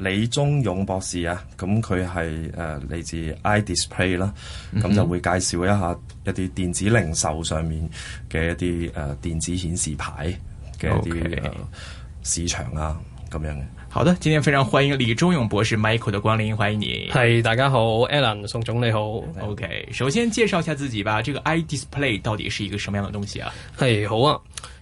李忠勇博士啊，咁佢係嚟自 iDisplay 啦，咁就會介紹一下一啲電子零售上面嘅一啲電子顯示牌嘅一啲市場啊，咁、okay。樣嘅。好的，今天非常歡迎李忠勇博士 Michael 的光臨，歡迎你。係，大家好，Alan 宋總你好。OK，首先介紹一下自己吧，這個 iDisplay 到底是一個什麼樣嘅東西啊？係好啊。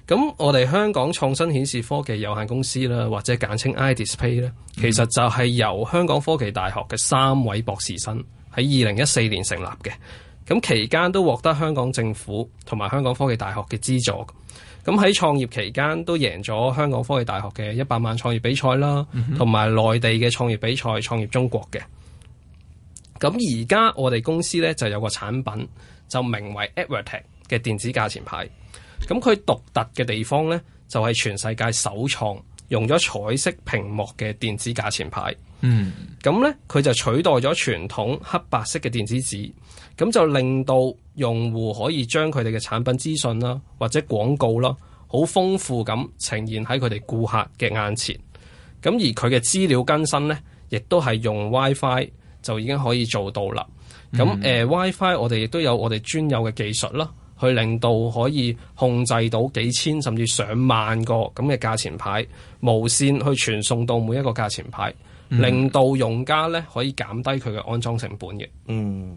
咁我哋香港創新顯示科技有限公司啦，或者簡稱 iDisplay 咧，其實就係由香港科技大學嘅三位博士生喺二零一四年成立嘅。咁期間都獲得香港政府同埋香港科技大學嘅資助。咁喺創業期間都贏咗香港科技大學嘅一百萬創業比賽啦，同埋內地嘅創業比賽創業中國嘅。咁而家我哋公司咧就有個產品就名為 Advertech 嘅電子價錢牌。咁佢獨特嘅地方呢，就係、是、全世界首創用咗彩色屏幕嘅電子價錢牌。嗯，咁呢佢就取代咗傳統黑白色嘅電子紙，咁就令到用戶可以將佢哋嘅產品資訊啦，或者廣告啦，好豐富咁呈現喺佢哋顧客嘅眼前。咁而佢嘅資料更新呢，亦都係用 WiFi 就已經可以做到啦。咁誒、呃嗯、WiFi 我哋亦都有我哋專有嘅技術啦。去令到可以控制到幾千甚至上萬個咁嘅價錢牌，無綫去傳送到每一個價錢牌，令到用家呢可以減低佢嘅安裝成本嘅。嗯。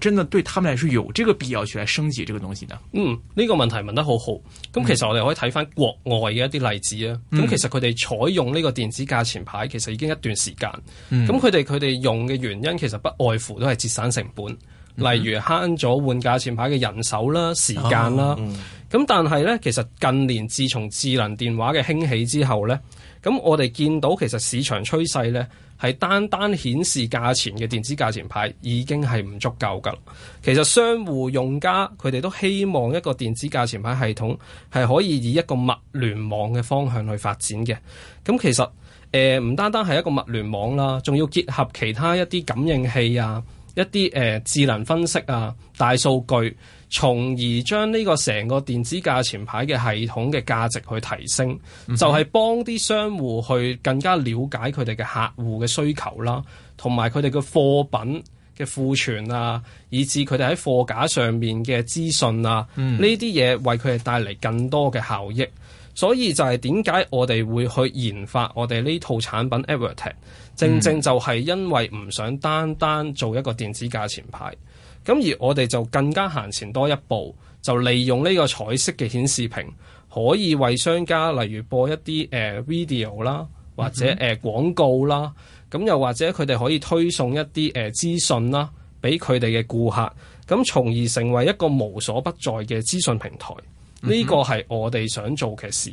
真的對佢哋係有這個必要去嚟升級這個東西的。嗯，呢、這個問題問得好好。咁其實我哋可以睇翻國外嘅一啲例子啊。咁其實佢哋採用呢個電子價錢牌，其實已經一段時間。咁佢哋佢哋用嘅原因其實不外乎都係節省成本，例如慳咗換價錢牌嘅人手啦、時間啦。咁、哦嗯、但係呢，其實近年自從智能電話嘅興起之後呢，咁我哋見到其實市場趨勢呢。係單單顯示價錢嘅電子價錢牌已經係唔足夠㗎。其實商戶用家佢哋都希望一個電子價錢牌系統係可以以一個物聯網嘅方向去發展嘅。咁其實誒唔、呃、單單係一個物聯網啦，仲要結合其他一啲感應器啊、一啲、呃、智能分析啊、大數據。從而將呢個成個電子價錢牌嘅系統嘅價值去提升，就係幫啲商戶去更加了解佢哋嘅客戶嘅需求啦，同埋佢哋嘅貨品嘅庫存啊，以至佢哋喺貨架上面嘅資訊啊，呢啲嘢為佢哋帶嚟更多嘅效益。所以就係點解我哋會去研發我哋呢套產品 EverTech，正正就係因為唔想單單做一個電子價錢牌。咁而我哋就更加行前多一步，就利用呢個彩色嘅顯示屏，可以為商家例如播一啲誒、呃、video 啦，或者誒、呃、廣告啦，咁又或者佢哋可以推送一啲誒資訊啦，俾佢哋嘅顧客，咁從而成為一個無所不在嘅資訊平台。呢個係我哋想做嘅事。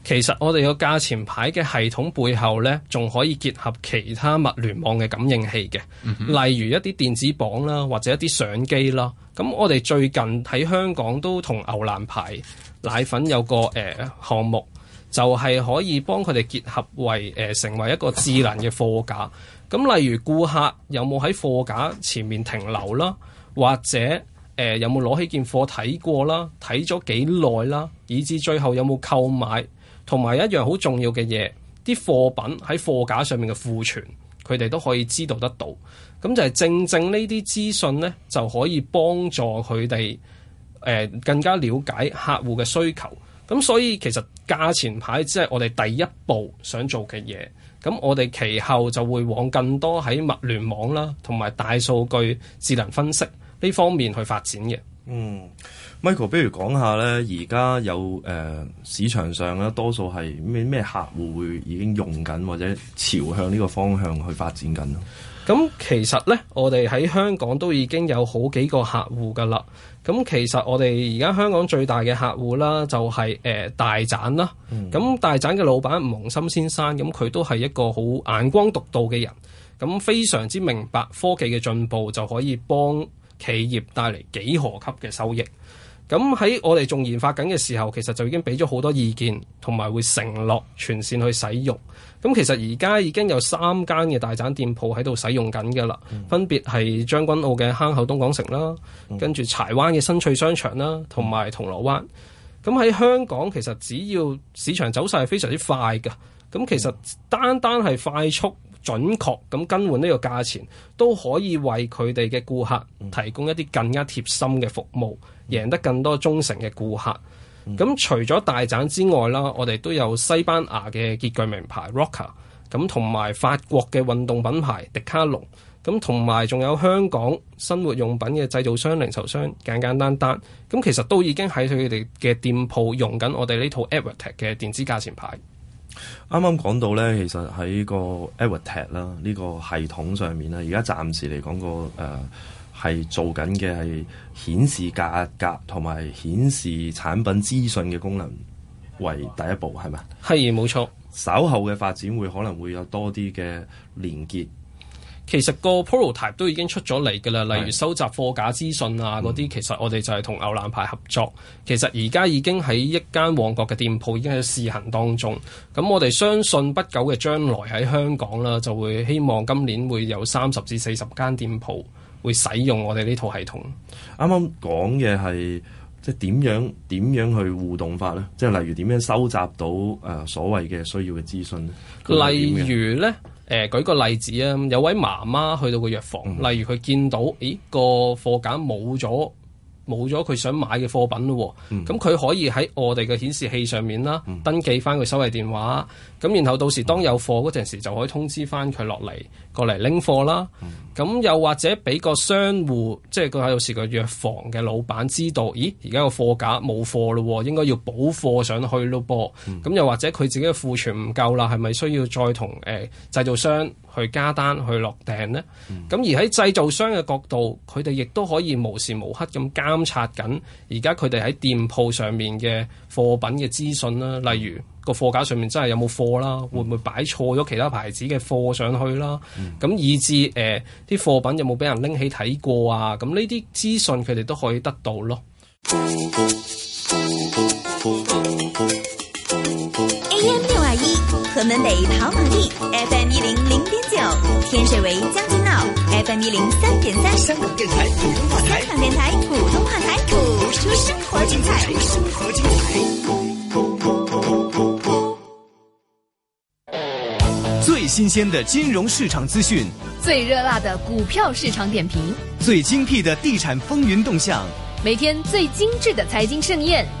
其實我哋個價錢牌嘅系統背後呢，仲可以結合其他物聯網嘅感應器嘅、嗯，例如一啲電子磅啦，或者一啲相機啦。咁我哋最近喺香港都同牛欄牌奶粉有個誒、呃、項目，就係、係、可以幫佢哋結合為、呃、成為一個智能嘅貨架。咁例如顧客有冇喺貨架前面停留啦，或者誒、呃、有冇攞起件貨睇過啦，睇咗幾耐啦，以至最後有冇購買。同埋一樣好重要嘅嘢，啲貨品喺貨架上面嘅庫存，佢哋都可以知道得到。咁就係正正呢啲資訊呢，就可以幫助佢哋、呃、更加了解客戶嘅需求。咁所以其實價錢牌只係我哋第一步想做嘅嘢。咁我哋其後就會往更多喺物聯網啦，同埋大數據、智能分析呢方面去發展嘅。嗯，Michael，不如講下咧，而家有誒、呃、市場上咧，多數係咩咩客戶會已經用緊或者朝向呢個方向去發展緊咯。咁、嗯、其實咧，我哋喺香港都已經有好幾個客戶噶啦。咁其實我哋而家香港最大嘅客戶啦、就是，就係誒大盞啦。咁、嗯、大盞嘅老闆吳洪森先生，咁佢都係一個好眼光獨到嘅人，咁非常之明白科技嘅進步就可以幫。企業帶嚟幾何級嘅收益。咁喺我哋仲研發緊嘅時候，其實就已經俾咗好多意見，同埋會承諾全線去使用。咁其實而家已經有三間嘅大棧店鋪喺度使用緊㗎啦，分別係將軍澳嘅坑口東港城啦、嗯，跟住柴灣嘅新翠商場啦，同埋銅鑼灣。咁喺香港，其實只要市場走勢係非常之快㗎。咁其實單單係快速。準確咁更換呢個價錢，都可以為佢哋嘅顧客提供一啲更加貼心嘅服務，贏得更多忠誠嘅顧客。咁、嗯、除咗大盞之外啦，我哋都有西班牙嘅潔具名牌 Rocker，咁同埋法國嘅運動品牌迪卡龍，咁同埋仲有香港生活用品嘅製造商零售商，簡簡單單。咁其實都已經喺佢哋嘅店鋪用緊我哋呢套 Avertek 嘅電子價錢牌。啱啱講到咧，其實喺個 EverTap 啦，呢個系統上面咧，而家暫時嚟講個誒係做緊嘅係顯示價格同埋顯示產品資訊嘅功能為第一步係咪？係，冇錯，稍後嘅發展會可能會有多啲嘅連結。其實個 prototype 都已經出咗嚟㗎啦，例如收集貨架資訊啊嗰啲、嗯，其實我哋就係同牛腩牌合作。其實而家已經喺一間旺角嘅店鋪已經喺試行當中。咁我哋相信不久嘅將來喺香港啦，就會希望今年會有三十至四十間店鋪會使用我哋呢套系統。啱啱講嘅係即係點樣點樣去互動法呢？即係例如點樣收集到、呃、所謂嘅需要嘅資訊呢？例如呢。誒舉個例子啊，有位媽媽去到個藥房，例如佢見到，咦，個貨架冇咗。冇咗佢想買嘅貨品咯，咁、嗯、佢可以喺我哋嘅顯示器上面啦，嗯、登記翻佢收費電話，咁然後到時當有貨嗰陣時，就可以通知翻佢落嚟，過嚟拎貨啦。咁、嗯、又或者俾個商戶，即係佢有時個藥房嘅老闆知道，咦，而家個貨架冇貨咯，應該要補貨上去咯噃。咁、嗯、又或者佢自己嘅庫存唔夠啦，係咪需要再同誒、欸、製造商？去加單去落訂呢。咁、嗯、而喺製造商嘅角度，佢哋亦都可以無時無刻咁監察緊，而家佢哋喺店鋪上面嘅貨品嘅資訊啦，例如個貨架上面真係有冇貨啦，會唔會擺錯咗其他牌子嘅貨上去啦，咁、嗯、以至啲、呃、貨品有冇俾人拎起睇過啊？咁呢啲資訊佢哋都可以得到咯。AM 門北跑馬地 FM 一零零點九，天水圍將軍澳 FM 一零三點三，香港電台普通話台，香港電台普通話台，播出生活精彩，生活精彩，最新鮮的金融市場資訊，最熱辣的股票市場點評，最精辟的地產風雲動向，每天最精致的財經盛宴。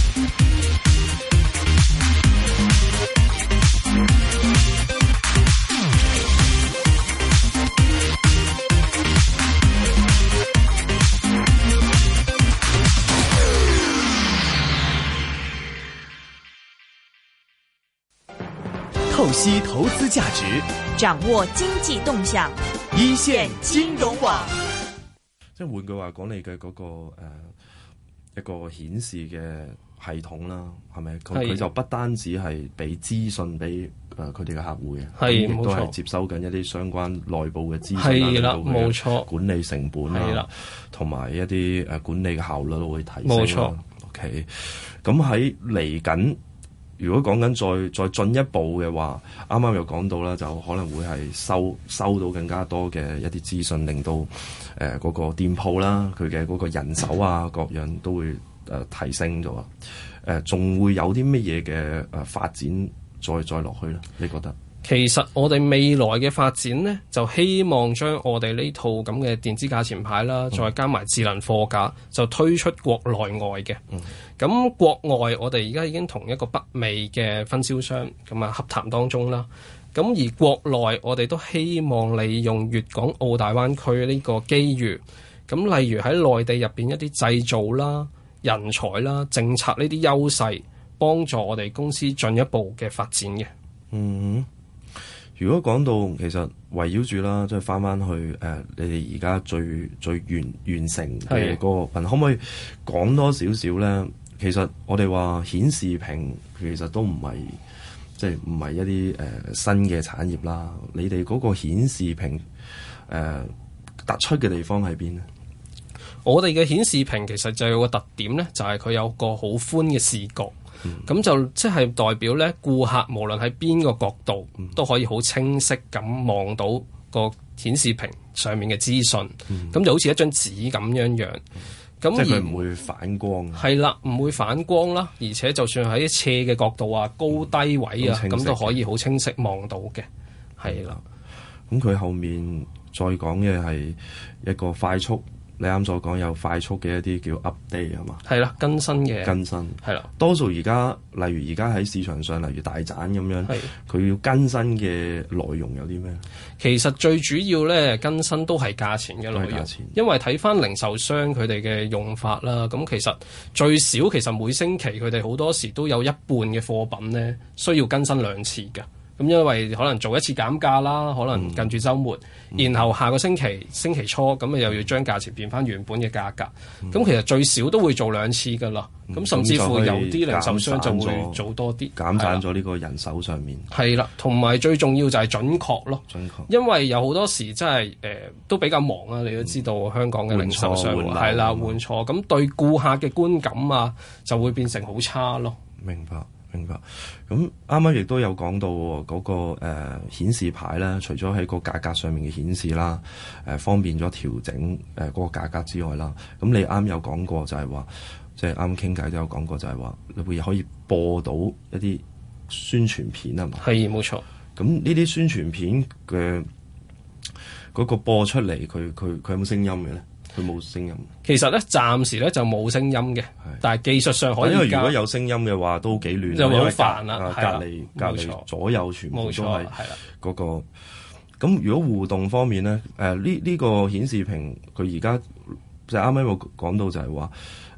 投資價值，掌握經濟動向，一線金融網。即係換句話講，你嘅嗰個誒一個顯示嘅系統啦，係咪佢就不單止係俾資訊俾誒佢哋嘅客戶嘅，係冇錯。接收緊一啲相關內部嘅資訊啦，到佢管理成本啦，同埋一啲誒、呃、管理嘅效率都會提升。冇錯，OK，咁喺嚟緊。如果講緊再再進一步嘅話，啱啱又講到啦，就可能會係收收到更加多嘅一啲資訊，令到誒嗰個店鋪啦，佢嘅嗰個人手啊，各樣都會、呃、提升咗。誒、呃、仲會有啲乜嘢嘅誒發展再再落去咧？你覺得？其實我哋未來嘅發展呢，就希望將我哋呢套咁嘅電子價錢牌啦，嗯、再加埋智能貨架，就推出國內外嘅。咁、嗯、國外我哋而家已經同一個北美嘅分銷商咁啊洽談當中啦。咁而國內我哋都希望利用粵港澳大灣區呢個機遇，咁例如喺內地入邊一啲製造啦、人才啦、政策呢啲優勢，幫助我哋公司進一步嘅發展嘅。嗯。如果講到其實圍繞住啦，即係翻翻去誒、呃，你哋而家最最完完成嘅嗰、那個，可唔可以講多少少咧？其實我哋話顯示屏其實都唔係即係唔係一啲誒、呃、新嘅產業啦。你哋嗰個顯示屏誒、呃、突出嘅地方喺邊咧？我哋嘅顯示屏其實就有個特點咧，就係、是、佢有個好寬嘅視角。咁、嗯、就即係代表咧，顧客無論喺邊個角度、嗯、都可以好清晰咁望到個顯示屏上面嘅資訊，咁、嗯、就好似一張紙咁樣樣。咁、嗯、即係佢唔會反光。係啦，唔會反光啦，而且就算喺斜嘅角度啊、高低位啊，咁、嗯、都可以好清晰望到嘅。係啦。咁、嗯、佢後面再講嘅係一個快速。你啱所講有快速嘅一啲叫 update 係嘛？係啦，更新嘅更新係啦。多數而家例如而家喺市場上，例如大盞咁樣，係，佢要更新嘅內容有啲咩？其實最主要咧，更新都係價錢嘅內容，價錢，因為睇翻零售商佢哋嘅用法啦。咁其實最少其實每星期佢哋好多時都有一半嘅貨品咧需要更新兩次㗎。咁因為可能做一次減價啦，可能近住週末、嗯，然後下個星期、嗯、星期初咁又要將價錢變翻原本嘅價格。咁、嗯、其實最少都會做兩次噶啦。咁、嗯、甚至乎有啲零售商就會做多啲，減散咗呢個人手上面。係啦，同埋最重要就係準確咯，準確。因為有好多時真係、呃、都比較忙啊，你都知道、嗯、香港嘅零售商係啦，換錯咁、嗯、對顧客嘅觀感啊就會變成好差咯。明白。明白，咁啱啱亦都有講到嗰個誒顯示牌咧，除咗喺個價格上面嘅顯示啦，誒方便咗調整誒嗰個價格之外啦。咁你啱有講過就係話，即係啱傾偈都有講過就係話，你會可以播到一啲宣傳片啊嘛。係，冇錯。咁呢啲宣傳片嘅嗰個播出嚟，佢佢佢有冇聲音嘅咧？佢冇聲音。其實咧，暫時咧就冇聲音嘅。但係技術上可以加，因為如果有聲音嘅話，都幾亂，就好煩啦、啊。隔離隔離左右全部都係係啦嗰個。咁、那個、如果互動方面咧，呢、呃、呢、這個這個顯示屏佢而家就啱啱我講到就係話、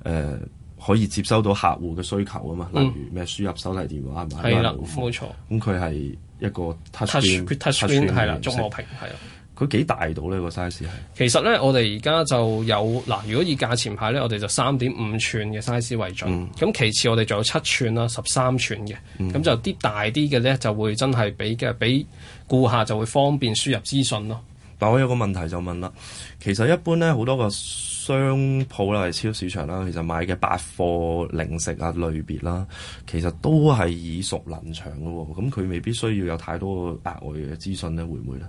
呃、可以接收到客戶嘅需求啊嘛。例如咩輸入手提電話係咪？係、嗯、啦，冇錯。咁佢係一個 touch screen 係啦觸摸屏係啦。佢幾大到呢個 size 係？其實咧，我哋而家就有嗱，如果以價錢牌咧，我哋就三點五寸嘅 size 為準。咁、嗯、其次我哋有七寸，我哋仲有七寸啦、十三寸嘅。咁就啲大啲嘅咧，就會真係俾嘅俾顧客就會方便輸入資訊咯。但我有個問題就問啦，其實一般咧好多個商鋪啦、係超市場啦，其實買嘅百貨零食啊類別啦，其實都係耳熟能詳嘅喎。咁佢未必需要有太多額外嘅資訊咧，會唔會咧？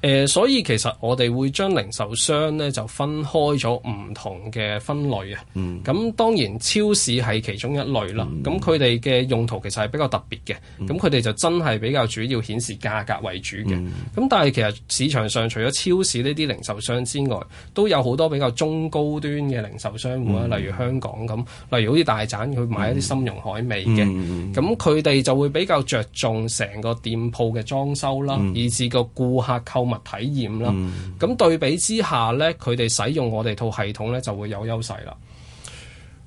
誒、呃，所以其實我哋會將零售商咧就分開咗唔同嘅分類啊。咁、嗯、當然超市係其中一類啦。咁佢哋嘅用途其實係比較特別嘅。咁佢哋就真係比較主要顯示價格為主嘅。咁、嗯、但係其實市場上除咗超市呢啲零售商之外，都有好多比較中高端嘅零售商戶啊、嗯，例如香港咁，例如好似大盞佢買一啲參茸海味嘅。咁佢哋就會比較着重成個店鋪嘅裝修啦、嗯，以至個顧客購物體驗啦，咁對比之下咧，佢哋使用我哋套系統咧就會有優勢啦。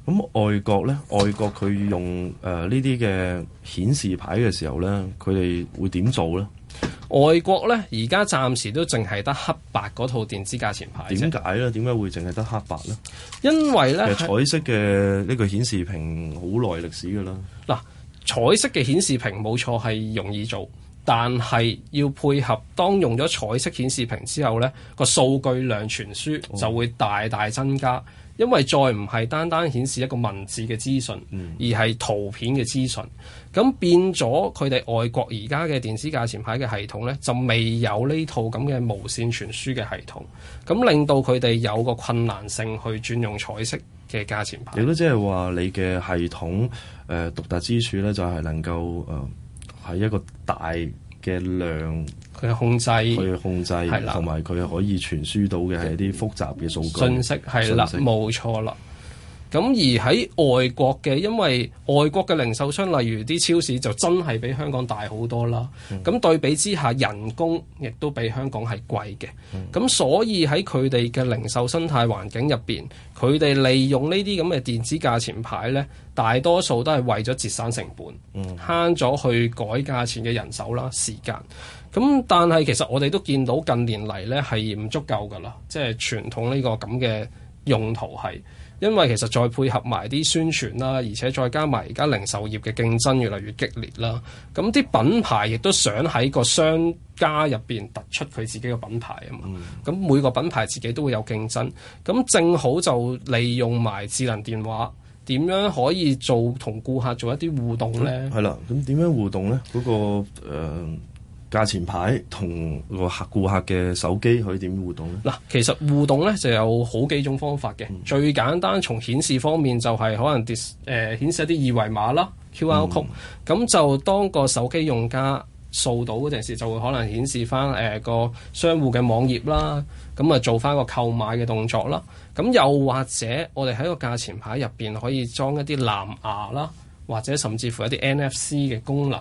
咁外國咧，外國佢用誒呢啲嘅顯示牌嘅時候咧，佢哋會點做咧？外國咧，而家暫時都淨係得黑白嗰套電子價錢牌。點解咧？點解會淨係得黑白咧？因為咧，彩色嘅呢個顯示屏好耐歷史㗎喇。嗱，彩色嘅顯示屏冇錯，係容易做。但係要配合當用咗彩色顯示屏之後，呢個數據量傳輸就會大大增加，嗯、因為再唔係單單顯示一個文字嘅資訊，而係圖片嘅資訊，咁變咗佢哋外國而家嘅電子價錢牌嘅系統呢，就未有呢套咁嘅無線傳輸嘅系統，咁令到佢哋有個困難性去轉用彩色嘅價錢牌。亦都即係話你嘅系統誒獨、呃、特之處呢，就係能夠誒。係一個大嘅量，佢嘅控制，佢嘅控制，係啦，同埋佢可以傳輸到嘅係一啲複雜嘅數據，信息係啦，冇錯啦。咁而喺外國嘅，因為外國嘅零售商，例如啲超市，就真係比香港大好多啦。咁、嗯、對比之下，人工亦都比香港係貴嘅。咁、嗯、所以喺佢哋嘅零售生態環境入邊，佢哋利用呢啲咁嘅電子價錢牌咧，大多數都係為咗節省成本，慳、嗯、咗去改價錢嘅人手啦、時間，咁但係其實我哋都見到近年嚟咧，係唔足夠噶啦，即係傳統呢個咁嘅用途係。因為其實再配合埋啲宣傳啦，而且再加埋而家零售業嘅競爭越嚟越激烈啦，咁啲品牌亦都想喺個商家入面突出佢自己嘅品牌啊嘛，咁每個品牌自己都會有競爭，咁正好就利用埋智能電話，點樣可以做同顧客做一啲互動呢？係、嗯、啦，咁點樣互動呢？嗰、那個、呃價錢牌同個客顧客嘅手機可以點互動呢？嗱，其實互動呢就有好幾種方法嘅、嗯。最簡單從顯示方面就係可能啲誒、呃、顯示一啲二維碼啦、QR code，咁、嗯、就當個手機用家掃到嗰陣時，就會可能顯示翻誒、呃、個商戶嘅網頁啦，咁啊做翻個購買嘅動作啦。咁又或者我哋喺個價錢牌入邊可以裝一啲藍牙啦。或者甚至乎一啲 NFC 嘅功能，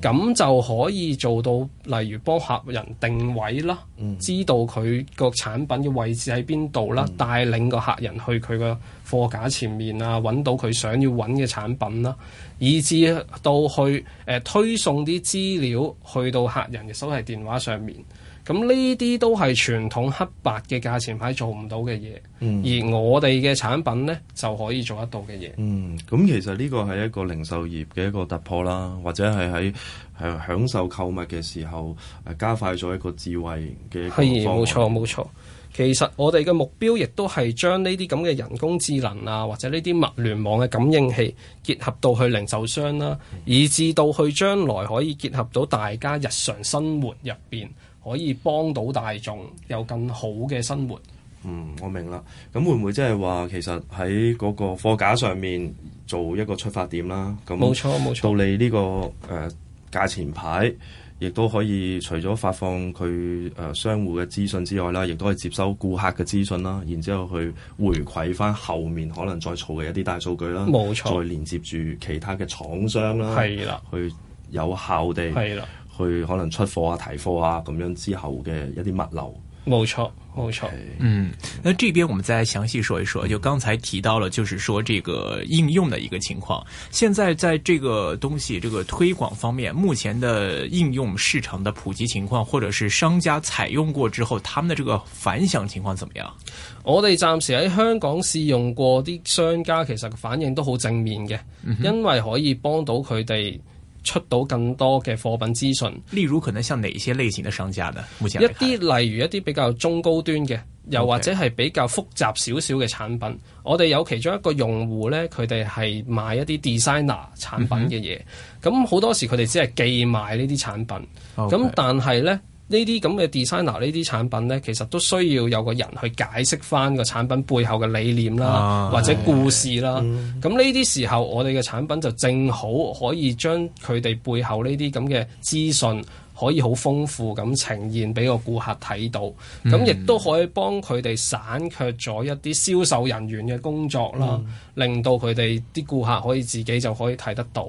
咁就可以做到，例如幫客人定位啦，知道佢個產品嘅位置喺邊度啦，帶領個客人去佢個貨架前面啊，搵到佢想要搵嘅產品啦，以至到去誒、呃、推送啲資料去到客人嘅手提電話上面。咁呢啲都係傳統黑白嘅價錢牌做唔到嘅嘢，嗯，而我哋嘅產品呢就可以做得到嘅嘢。嗯，咁其實呢個係一個零售業嘅一個突破啦，或者係喺享受購物嘅時候，呃、加快咗一個智慧嘅一個步伐。係冇錯冇錯，其實我哋嘅目標亦都係將呢啲咁嘅人工智能啊，或者呢啲物聯網嘅感應器結合到去零售商啦、啊嗯，以至到去將來可以結合到大家日常生活入邊。可以幫到大眾有更好嘅生活。嗯，我明啦。咁會唔會即係話，其實喺嗰個貨架上面做一個出發點啦。咁冇錯冇錯。到你呢、呢個誒、呃、價錢牌，亦都可以除咗發放佢相、呃、商戶嘅資訊之外啦，亦都可以接收顧客嘅資訊啦。然之後去回饋翻後面可能再儲嘅一啲大數據啦。冇錯。再連接住其他嘅廠商啦。係啦。去有效地啦。去可能出貨啊、提貨啊咁樣之後嘅一啲物流，冇錯，冇錯。Okay. 嗯，那這邊我們再詳細說一說，就剛才提到了，就是說這個應用的一個情況。現在在這個東西，這個推廣方面，目前的應用市場的普及情況，或者是商家採用過之後，他們的這個反響情況怎麼樣？我哋暫時喺香港試用過啲商家，其實反應都好正面嘅，嗯，因為可以幫到佢哋出到更多嘅貨品資訊，例如可能像哪些類型的商家呢？目前一啲例如一啲比較中高端嘅，又或者係比較複雜少少嘅產品，okay. 我哋有其中一個用戶呢，佢哋係買一啲 designer 產品嘅嘢，咁、嗯、好多時佢哋只係寄賣呢啲產品，咁、okay. 但係呢。呢啲咁嘅 designer 呢啲產品咧，其實都需要有個人去解釋翻個產品背後嘅理念啦、啊，或者故事啦。咁呢啲時候，我哋嘅產品就正好可以將佢哋背後呢啲咁嘅資訊可以好豐富咁呈現俾個顧客睇到。咁亦都可以幫佢哋省卻咗一啲銷售人員嘅工作啦，令到佢哋啲顧客可以自己就可以睇得到。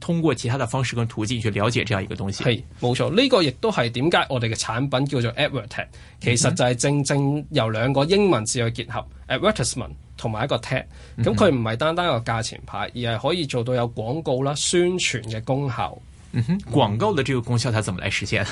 通過其他嘅方式跟途徑去了解這樣一個東西係冇錯呢，這個亦都係點解我哋嘅產品叫做 advert，其實就係正正由兩個英文字去結合，嗯、advertisement 同埋一個 tag，咁佢唔係單單一個價錢牌，而係可以做到有廣告啦，宣傳嘅功效。嗯哼，廣告的這個功效它怎麼來實現？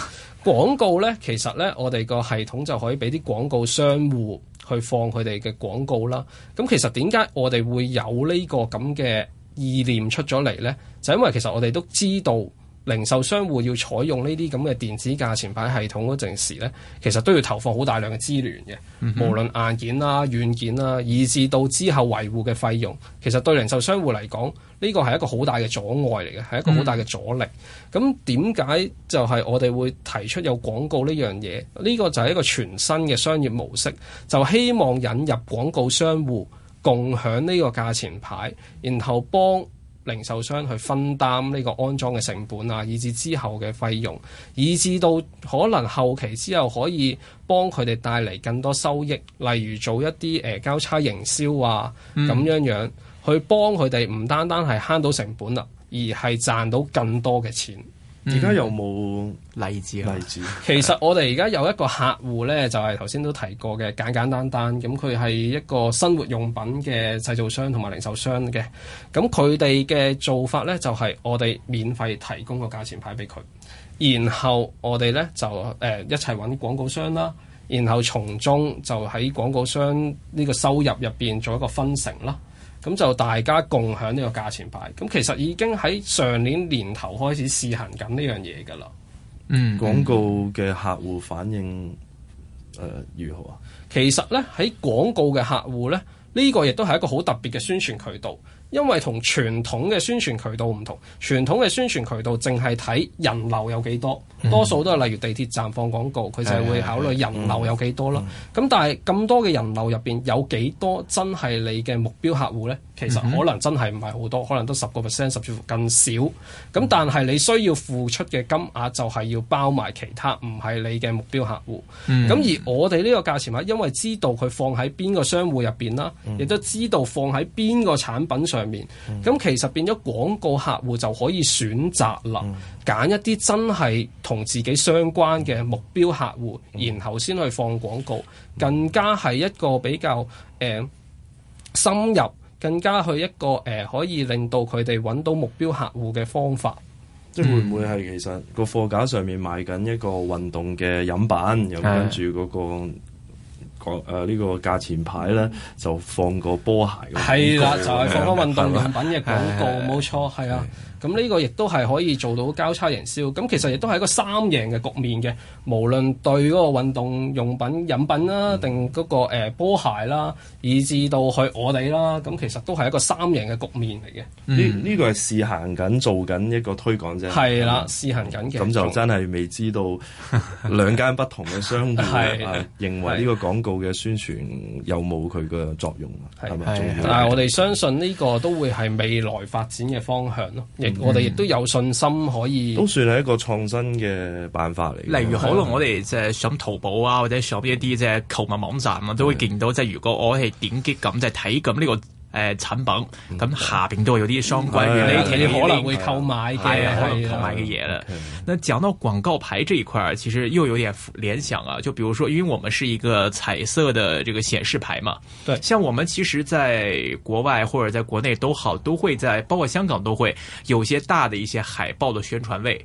廣告咧，其實咧，我哋個系統就可以俾啲廣告商戶去放佢哋嘅廣告啦。咁、嗯、其實點解我哋會有呢個咁嘅？意念出咗嚟咧，就因為其實我哋都知道，零售商戶要採用呢啲咁嘅電子價錢牌系統嗰陣時咧，其實都要投放好大量嘅資源嘅，無論硬件啦、啊、軟件啦、啊，以至到之後維護嘅費用，其實對零售商戶嚟講，呢、這個係一個好大嘅阻礙嚟嘅，係一個好大嘅阻力。咁點解就係我哋會提出有廣告呢樣嘢？呢、這個就係一個全新嘅商業模式，就希望引入廣告商戶。共享呢個價錢牌，然後幫零售商去分擔呢個安裝嘅成本啊，以至之後嘅費用，以至到可能後期之後可以幫佢哋帶嚟更多收益，例如做一啲誒、呃、交叉營銷啊，咁、嗯、樣樣去幫佢哋唔單單係慳到成本啦，而係賺到更多嘅錢。而家有冇例子，嗯、例子，其實我哋而家有一個客戶呢，就係頭先都提過嘅，簡簡單單咁，佢係一個生活用品嘅製造商同埋零售商嘅。咁佢哋嘅做法呢，就係、是、我哋免費提供個價錢牌俾佢，然後我哋呢，就誒、呃、一齊揾廣告商啦，然後從中就喺廣告商呢個收入入邊做一個分成啦。咁就大家共享呢個價錢牌。咁其實已經喺上年年頭開始試行緊呢樣嘢噶啦。嗯，廣告嘅客戶反應誒、呃、如何啊？其實呢，喺廣告嘅客戶呢，呢、呢個亦都係一個好特別嘅宣傳渠道。因為同傳統嘅宣傳渠道唔同，傳統嘅宣傳渠道淨係睇人流有幾多、嗯，多數都係例如地鐵站放廣告，佢、嗯、就係會考慮人流有幾多啦。咁、嗯嗯、但係咁多嘅人流入面有幾多真係你嘅目標客戶呢？其實可能真係唔係好多、嗯，可能都十個 percent 甚至乎更少。咁、嗯、但係你需要付出嘅金額就係要包埋其他唔係你嘅目標客戶。咁、嗯、而我哋呢個價錢碼，因為知道佢放喺邊個商戶入面啦，亦、嗯、都知道放喺邊個產品上。面、嗯、咁，其實變咗廣告客戶就可以選擇啦，揀、嗯、一啲真係同自己相關嘅目標客戶、嗯，然後先去放廣告，嗯、更加係一個比較誒、呃、深入，更加去一個誒、呃、可以令到佢哋揾到目標客戶嘅方法。即係會唔會係其實個貨架上面賣緊一個運動嘅飲品，又跟住嗰、那個。誒、呃、呢、這個價錢牌咧，就放個波鞋，係啦，就係、是、放個運動用品嘅廣告，冇錯，係啊。是咁呢個亦都係可以做到交叉營銷，咁其實亦都係一個三贏嘅局面嘅。無論對嗰個運動用品、飲品啦，定嗰、嗰個、呃、波鞋啦，以至到去我哋啦，咁其實都係一個三贏嘅局面嚟嘅。呢呢個係試行緊，做緊一個推廣啫。係啦，試行緊嘅。咁就真係未知道兩間不同嘅商戶、啊 啊、認為呢個廣告嘅宣傳有冇佢嘅作用，係咪？但係我哋相信呢個都會係未來發展嘅方向咯。我哋亦都有信心可以，嗯，都算係一個創新嘅辦法嚟。例如，可能我哋即係上淘寶啊，或者上邊一啲即係購物網站啊，都會見到即係如果我係點擊咁，即係睇咁呢個。誒、哎、產品咁下邊都有啲相關嘅。你其實可能會購買嘅，可能購買嘅嘢啦。那講到廣告牌這一塊，其實又有點聯想啊。就比如說，因為我們是一個彩色的這個顯示牌嘛，對。像我們其實在國外或者在國內都好，都會在包括香港都會有些大的一些海報的宣傳位。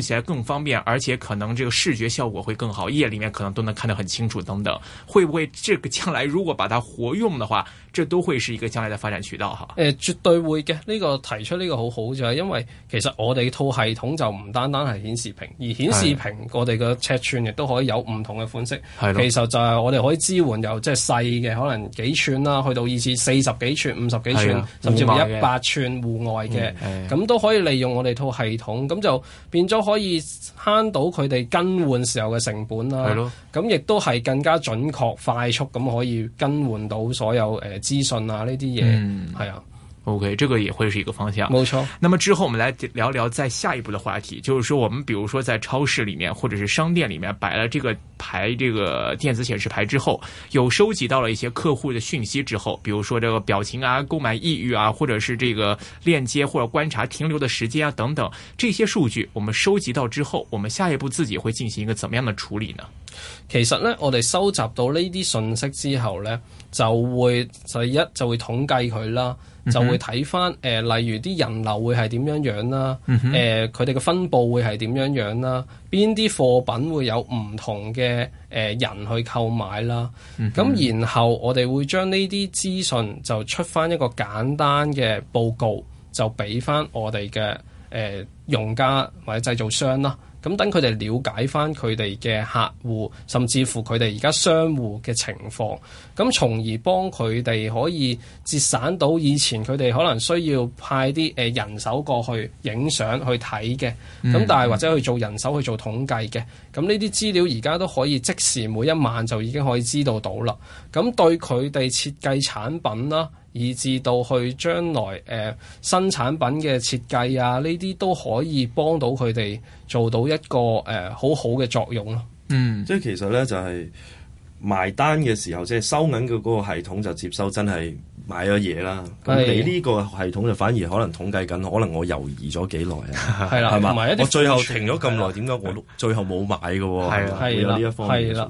起來更方便，而且可能這個視覺效果會更好，夜裏面可能都能看得很清楚等等。會不會這個將來如果把它活用的話，這都會是一個將來的發展渠道哈？誒、呃，絕對會嘅。呢、這個提出呢個很好，好就係因為其實我哋套系統就唔單單係顯示屏，而顯示屏的我哋嘅尺寸亦都可以有唔同嘅款式的。其實就係我哋可以支援由即係細嘅可能幾寸啦，去到二三十四十幾寸、五十幾寸，是甚至乎一百寸戶外嘅，咁都、嗯、可以利用我哋套系統，咁就變咗。可以慳到佢哋更換時候嘅成本啦，咁亦都係更加準確、快速咁可以更換到所有誒、呃、資訊啊呢啲嘢，係啊。嗯 OK，這個也會是一個方向，冇錯。那麼之後我們來聊聊在下一步的話題，就是說我們，比如說在超市裏面或者是商店裏面擺了這個牌，這個電子顯示牌之後，有收集到了一些客戶的訊息之後，比如說這個表情啊、購買意欲啊，或者是這個鏈接或者觀察停留的時間啊等等這些數據，我們收集到之後，我們下一步自己會進行一個怎麼樣的處理呢？其實呢，我哋收集到呢啲信息之後呢，就會第一就會統計佢啦。就會睇翻，呃，例如啲人流會係點樣樣啦，呃，佢哋嘅分佈會係點樣樣啦，邊啲貨品會有唔同嘅呃，人去購買啦，咁然後我哋會將呢啲資訊就出翻一個簡單嘅報告，就俾翻我哋嘅誒，用家或者製造商啦。咁等佢哋了解翻佢哋嘅客戶，甚至乎佢哋而家商戶嘅情況，咁從而幫佢哋可以節省到以前佢哋可能需要派啲誒人手過去影相去睇嘅，咁、嗯、但係或者去做人手去做統計嘅，咁呢啲資料而家都可以即時每一晚就已經可以知道到啦。咁對佢哋設計產品啦。以至到去將來誒新、呃、產品嘅設計啊，呢啲都可以幫到佢哋做到一個誒、呃、好好嘅作用咯。嗯，即係其實咧就係、係、埋單嘅時候，即係收銀嘅嗰個系統就接收真係買咗嘢啦。咁你呢個系統就反而可能統計緊，可能我猶豫咗幾耐啊，係嘛？係嘛是一 future，我最後停咗咁耐，點解我最後冇買嘅、哦？係啦，係啦。係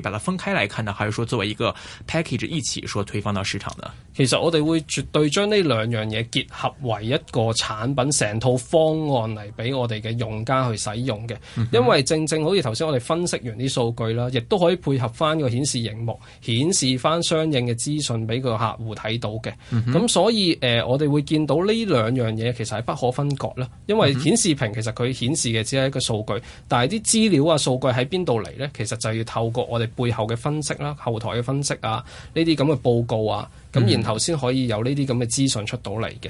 把它分開來看呢，還是說作為一個 package 一起說推放到市場的？其實我哋會絕對將呢兩樣嘢結合為一個產品成套方案嚟俾我哋嘅用家去使用嘅。因為正正好似頭先我哋分析完啲數據啦，亦都可以配合翻個顯示屏幕顯示翻相應嘅資訊俾個客戶睇到嘅。咁、嗯、所以誒、呃，我哋會見到呢兩樣嘢其實係不可分割啦。因為顯示屏其實佢顯示嘅只係一個數據，但係啲資料啊數據喺邊度嚟呢？其實就要透過我哋。背後嘅分析啦，後台嘅分析啊，呢啲咁嘅報告啊，咁然後先可以有呢啲咁嘅資訊出到嚟嘅。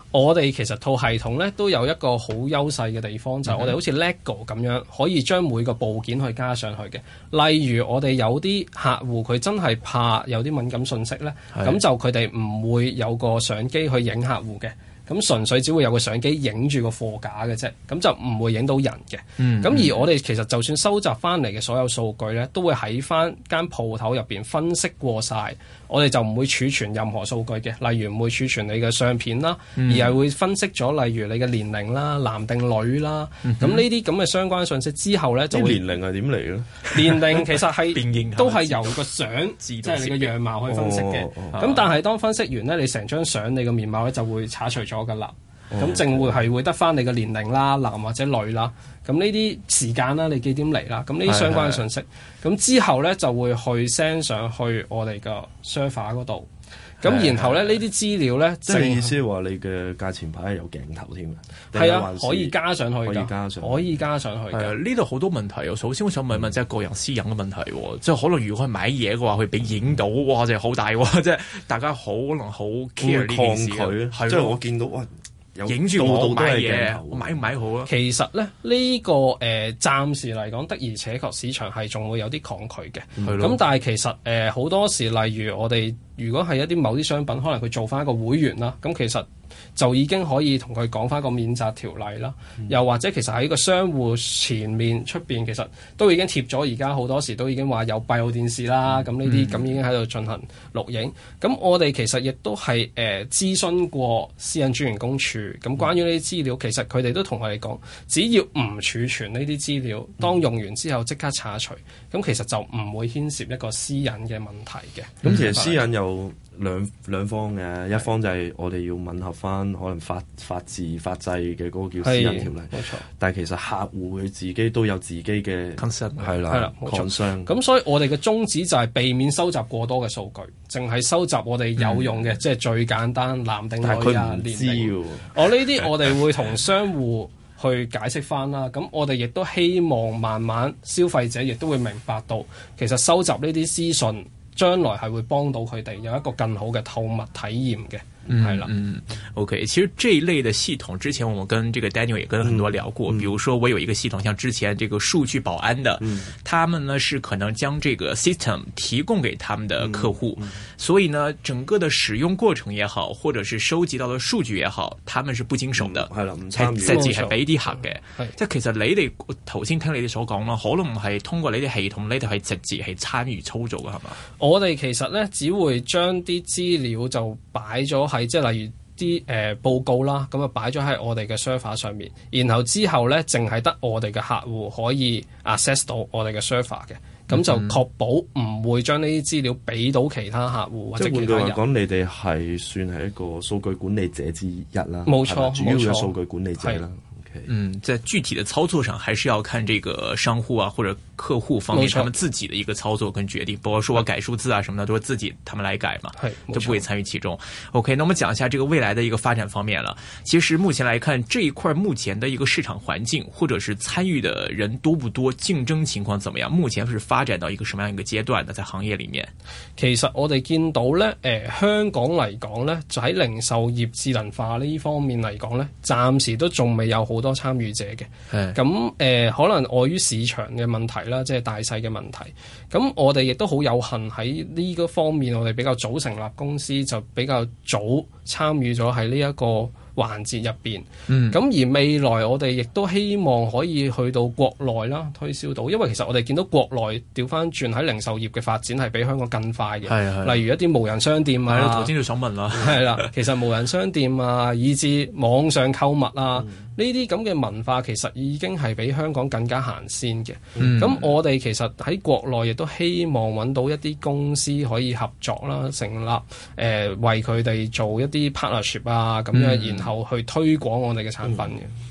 我哋其實套系統咧都有一個好優勢嘅地方，就係、是、我哋好似 LEGO 咁樣，可以將每個部件去加上去嘅。例如我哋有啲客戶佢真係怕有啲敏感信息咧，咁就佢哋唔會有個相機去影客戶嘅，咁純粹只會有個相機影住個貨架嘅啫，咁就唔會影到人嘅。咁而我哋其實就算收集翻嚟嘅所有數據咧，都會喺翻間鋪頭入面分析過晒。我哋就唔會儲存任何數據嘅，例如唔會儲存你嘅相片啦、嗯，而係會分析咗，例如你嘅年齡啦、男定女啦，咁呢啲咁嘅相關信息之後呢，就年齡係點嚟嘅？年齡其實係 都係由個相即係、就是、你嘅樣貌去分析嘅，咁、哦、但係當分析完呢，你成張相你嘅面貌咧就會刪除咗㗎啦。咁淨會係會得翻你嘅年齡啦，男或者女啦，咁呢啲時間啦，你幾點嚟啦，咁呢啲相關嘅信息，咁之後咧就會去 send 上去我哋個 server 嗰度，咁然後咧呢啲資料咧，即係意思話你嘅價錢牌係有鏡頭添，係啊，可以加上去可以加上，可以加上去㗎。呢度好多問題，首先我想問一問即係、就是、個人私隱嘅問題，即係可能如果係買嘢嘅話，佢俾影到，哇！即係好大喎，即、就、係、是、大家可能好抗拒，即係、啊就是、我見到影住我，我買嘢，我買唔買好啊？其實咧，呢、呢個誒暫時嚟講的，的而且確市場係仲會有啲抗拒嘅。咁但係其實呃、好多時，例如我哋如果係一啲某啲商品，可能佢做翻一個會員啦。咁其實就已經可以同佢講翻個免責條例啦、嗯，又或者其實喺個商戶前面出邊，面其實都已經貼咗。而家好多時都已經話有閉路電視啦，咁呢啲咁已經喺度進行錄影。咁、嗯、我哋其實亦都係誒、呃、諮詢過私隱專員公署，咁關於呢啲資料，嗯、其實佢哋都同我哋講，只要唔儲存呢啲資料、嗯，當用完之後即刻刪除，咁其實就唔會牽涉一個私隱嘅問題嘅。咁、嗯、其實私隱又～兩兩方嘅，一方就係我哋要吻合翻，可能法法治法制嘅嗰個叫私隱條例。冇錯。但係其實客戶佢自己都有自己嘅 concept，係啦，concern。咁所以我哋嘅宗旨就係避免收集過多嘅數據，淨係收集我哋有用嘅、嗯，即係最簡單，男定女啊，知的年齡、啊。我呢啲我哋會同商戶去解釋翻啦。咁、啊啊、我哋亦都希望慢慢、啊啊、消費者亦都會明白到，其實收集呢啲私信。將來係會幫到佢哋有一個更好嘅購物體驗嘅，係啦。嗯，嗯，OK，其實這一類嘅系統，之前我跟這個 Daniel 也跟很多聊過。嗯、比如說，我有一個系統，像之前這個數據保安的，嗯、他們呢是可能將這個 system 提供給他們的客戶。嗯嗯所以呢，整個嘅使用過程也好，或者是收集到嘅數據也好，他們是不經手的，係、嗯、啦，唔參與。係畀啲客嘅。即係其實你哋頭先聽你哋所講啦，可能唔係通過你啲系統，呢度係直接係參與操作嘅，係嘛？我哋其實呢，只會將啲資料就擺咗喺即係例如啲誒、呃、報告啦，咁啊擺咗喺我哋嘅 server 上面，然後之後呢，淨係得我哋嘅客戶可以 access 到我哋嘅 server 嘅。咁就確保唔會將呢啲資料畀到其他客戶、嗯、或者其他人。即換句話講，你哋係算係一個數據管理者之一啦。冇錯，主要嘅數據管理者啦。Okay. 嗯，在具體的操作上，還是要看這個商戶啊，或者。客戶方面，他們自己的一個操作跟決定，包括說我改數字啊什麼的，都是自己他們來改嘛，都不會參與其中。OK，那我們講一下這個未來的一個發展方面了。其實目前來看，這一塊目前的一個市場環境，或者是參與的人多不多，競爭情況怎麼樣？目前是發展到一個什麼樣一個階段呢？在行業裏面，其實我哋見到咧，誒、呃，香港嚟講咧，就喺零售業智能化呢方面嚟講咧，暫時都仲未有好多參與者嘅。係咁誒，可能礙於市場嘅問題呢。即係大細嘅問題。咁我哋亦都好有幸喺呢個方面，我哋比較早成立公司，就比較早參與咗喺呢一個環節入邊。咁、嗯、而未來我哋亦都希望可以去到國內啦，推銷到。因為其實我哋見到國內調翻轉喺零售業嘅發展係比香港更快嘅。係啊，例如一啲無人商店啊，頭先都想問啦。係啦，其實無人商店啊， 以至網上購物啊。嗯呢啲咁嘅文化其實已經係比香港更加行先嘅。咁、嗯、我哋其實喺國內亦都希望揾到一啲公司可以合作啦，嗯、成立誒、呃、為佢哋做一啲 partnership 啊，咁樣、嗯、然後去推廣我哋嘅產品嘅。嗯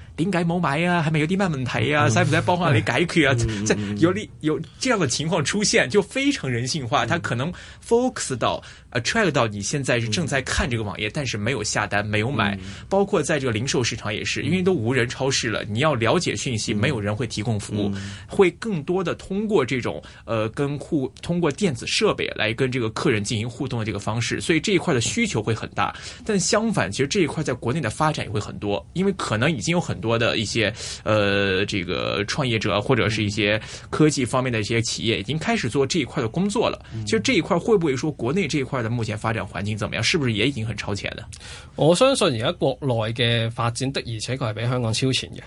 應該冇買呀、啊，還沒有啲咩問題啊？在、嗯、不在包房裏可以啊？在、嗯嗯嗯、有你有這樣的情況出現，就非常人性化。嗯、它可能 focus 到、呃、，track 到你現在是正在看這個網頁，嗯、但是沒有下單，沒有買、嗯。包括在這個零售市場也是、嗯，因為都無人超市了，你要了解訊息，嗯、沒有人會提供服務，嗯、會更多的通過這種呃跟互通過電子設備來跟這個客人進行互動的這個方式。所以這一塊的需求會很大。但相反，其實這一塊在國內的發展也會很多，因為可能已經有很多。的一些，呃，這個創業者或者是一些科技方面的一些企業已經開始做這一塊的工作了、嗯。其實這一塊會不會說國內這一塊的目前發展環境怎麼樣？是不是也已經很超前了？我相信而家國內嘅發展的，而且確係比香港超前嘅。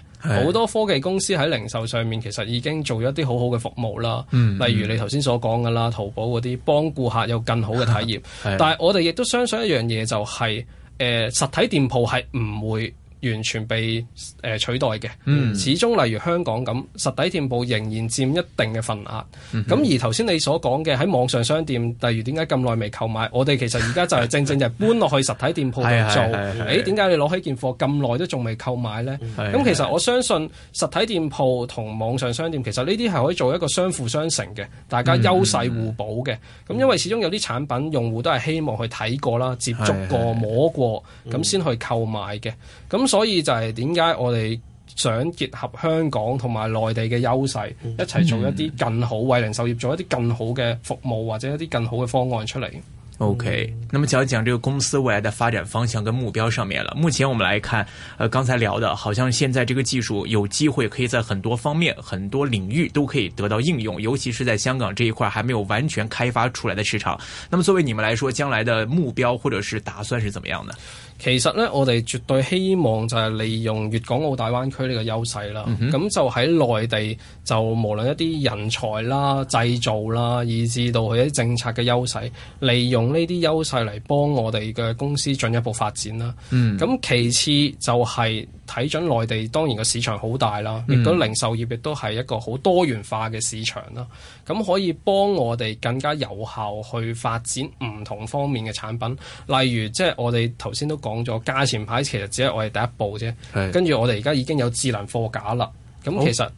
好多科技公司喺零售上面其實已經做咗一啲好好嘅服務啦、嗯。例如你頭先所講嘅啦，淘寶嗰啲幫顧客有更好嘅體驗。 但係我哋亦都相信一樣嘢、就是，就係誒實體店鋪係唔會。完全被、呃、取代嘅、嗯，始終例如香港咁，實體店鋪仍然佔一定嘅份額。咁、嗯、而頭先你所講嘅喺網上商店，例如點解咁耐未購買，我哋其實而家就係正正就係搬落去實體店鋪度 做。誒點解你攞起件貨咁耐都仲未購買咧？咁其實我相信實體店鋪同網上商店其實呢啲係可以做一個相輔相成嘅，大家優勢互補嘅。咁、嗯嗯、因為始終有啲產品，用戶都係希望去睇過啦、接觸過是是是是、摸過，咁、嗯、先去購買嘅。咁所以就係點解我哋想結合香港同埋內地嘅優勢，一齊做一啲更好，為零售業，做一啲更好嘅服務或者一啲更好嘅方案出嚟。OK，那麼講一講這個公司未來的發展方向跟目標上面了。目前我們來看，誒、呃，剛才聊的，好像現在這個技術有機會可以在很多方面、很多領域都可以得到應用，尤其是在香港這一塊還沒有完全開發出來的市場。那麼作為你們來說，將來的目標或者是打算是怎麼樣呢？其實咧，我哋絕對希望就係利用粵港澳大灣區呢個優勢啦。咁、嗯、就喺內地，就無論一啲人才啦、製造啦，以至到佢一啲政策嘅優勢，利用呢啲優勢嚟幫我哋嘅公司進一步發展啦。咁、嗯、其次就係睇準內地當然個市場好大啦，嗯、亦都零售業亦都係一個好多元化嘅市場啦。咁可以幫我哋更加有效去發展唔同方面嘅產品，例如即係我哋頭先都。講咗價錢牌其實只係我哋第一步啫，是跟住我哋而家已經有智能貨架啦。咁其實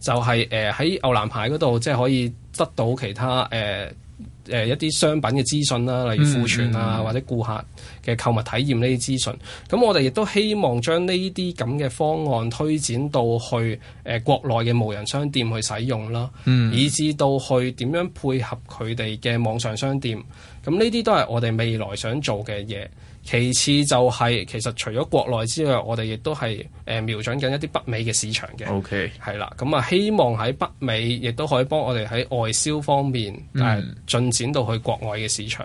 就係誒喺牛欄牌嗰度，即係可以得到其他誒誒、呃呃、一啲商品嘅資訊啦，例如庫存啊、嗯嗯、或者顧客嘅購物體驗呢啲資訊，咁我哋亦都希望將呢啲咁嘅方案推展到去誒、呃、國內嘅無人商店去使用啦，嗯，以至到去點樣配合佢哋嘅網上商店，咁呢啲都係我哋未來想做嘅嘢。其次就係、是、其實除咗國內之外，我哋亦都係、呃、瞄準緊一啲北美嘅市場嘅，OK，係啦，咁、嗯、啊希望喺北美亦都可以幫我哋喺外銷方面誒、嗯、進展到去國外嘅市場。